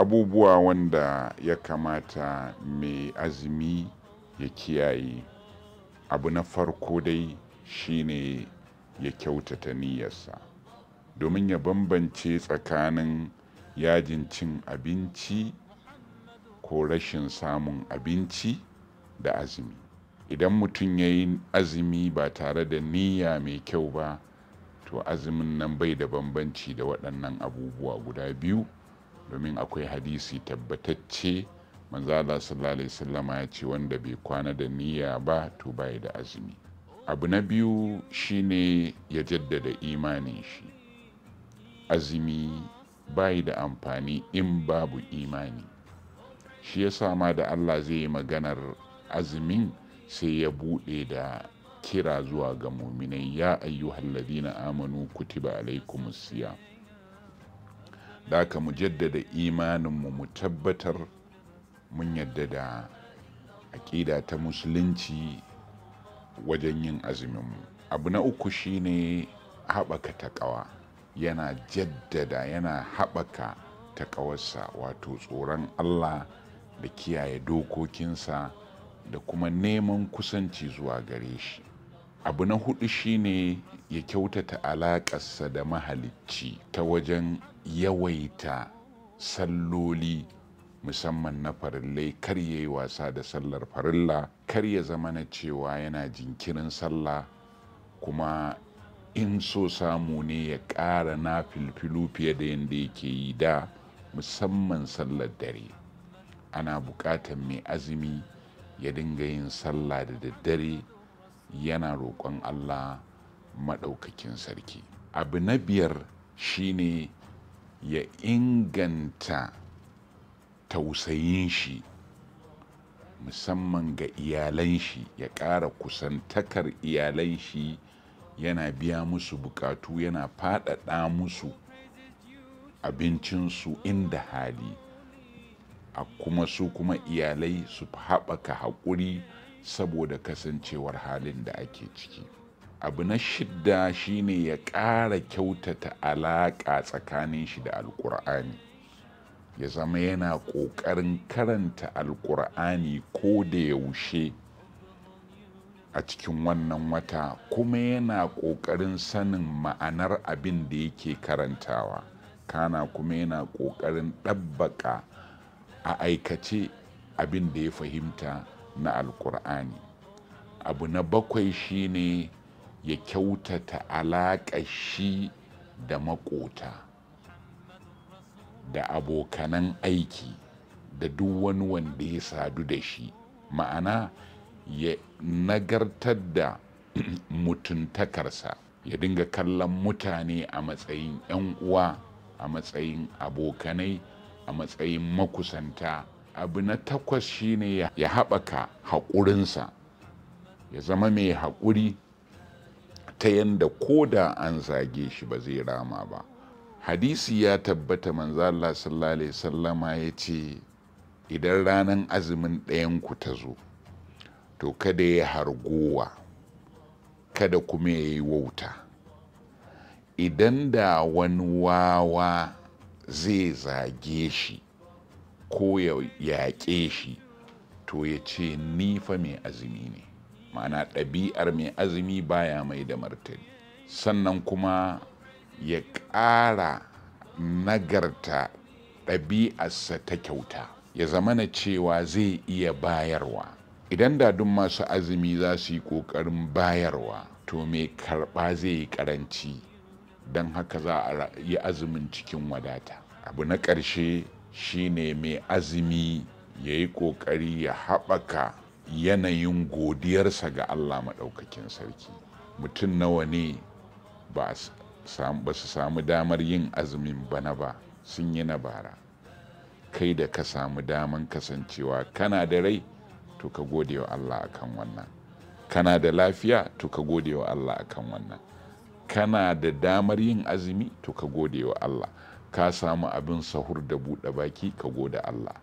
abubuwa wanda ya kamata mai azumi ya kiyaye abu na farko dai shine ya kyautata niyyarsa domin ya bambance tsakanin yajin cin abinci ko rashin samun abinci da azumi idan mutum ya yi azumi ba tare da niyya mai kyau ba to azumin nan bai da bambanci da waɗannan abubuwa guda biyu domin akwai hadisi tabbatacce manzala sallallahu alaihi ya ce wanda bai kwana da niyya ba to bai da azumi abu na biyu shine ya jaddada imanin shi azumi bai da amfani in babu imani shi ya ma da allah zai yi maganar azumin sai ya buɗe da kira zuwa ga muminai ya ayyuhallazina amanu kutiba alaikumus siyam da aka mu jaddada imaninmu mu tabbatar mun yadda da aƙida ta musulunci wajen yin azuminmu abu na uku shine haɓaka ta ƙawa, yana jaddada yana haɓaka ta ƙawarsa wato tsoron allah da kiyaye dokokinsa da kuma neman kusanci zuwa gare shi abu na hudu shine ya kyautata alaƙarsa da mahalicci ta wajen yawaita salloli musamman na farillai kar ya yi wasa da sallar farilla kar ya zama na cewa yana jinkirin sallah kuma in so samu ne ya ƙara na filfilu fiye da yadda yake yi da musamman sallar dare ana buƙatar mai azumi ya dinga yin sallah da daddare yana roƙon allah maɗaukakin sarki abu na biyar shine ya inganta tausayin shi musamman ga iyalan shi ya ƙara kusantakar iyalan shi yana biya musu bukatu yana faɗaɗa musu abincinsu inda hali a kuma su kuma iyalai su haɓaka haƙuri saboda kasancewar halin da ake ciki. abu na shidda shine ya ƙara kyautata alaƙa tsakanin shi da alƙur'ani ya zama yana ƙoƙarin karanta alƙur'ani ko da yaushe a cikin wannan wata kuma yana ƙoƙarin sanin ma'anar abin da yake karantawa kana kuma yana ƙoƙarin ɗabbaƙa a aikace abin da ya fahimta na alƙur'ani abu na bakwai shine ya kyautata alaƙa shi da maƙota da abokanan aiki da duk wani wanda ya sadu da shi ma'ana ya nagartar da mutuntakarsa ya dinga kallon mutane a matsayin 'yan uwa a matsayin abokanai a matsayin makusanta abu na takwas shine ya haɓaka haƙurinsa ya zama mai haƙuri ta yadda ko da an zage shi ba zai rama ba hadisi ya tabbata manzo Allah sallallahu sallama ya ce idan ranar azumin ɗayanku ta zo to kada ya hargowa kada kuma ya yi wauta idan da wani wawa zai zage shi ko ya yaƙe shi to ya ce ni fa mai azumi ne ma'ana ɗabi'ar mai azumi baya mai da martani sannan kuma ya ƙara nagarta ɗabi'arsa ta kyauta ya zamana cewa zai iya bayarwa idan da duk masu azumi za su yi ƙoƙarin bayarwa to mai karɓa zai yi ƙaranci don haka za a yi azumin cikin wadata abu na ƙarshe shine mai azumi ya yi ƙoƙari ya haɓaka yanayin godiyarsa ga allah maɗaukakin sarki mutum nawa ne ba su samu damar yin azumin bana ba sun yi na bara kai da ka samu daman kasancewa kana da rai to ka gode wa allah akan wannan kana da lafiya to ka gode wa allah akan wannan kana da damar yin azumi to ka gode wa allah ka samu abin sahur da buɗe baki ka gode allah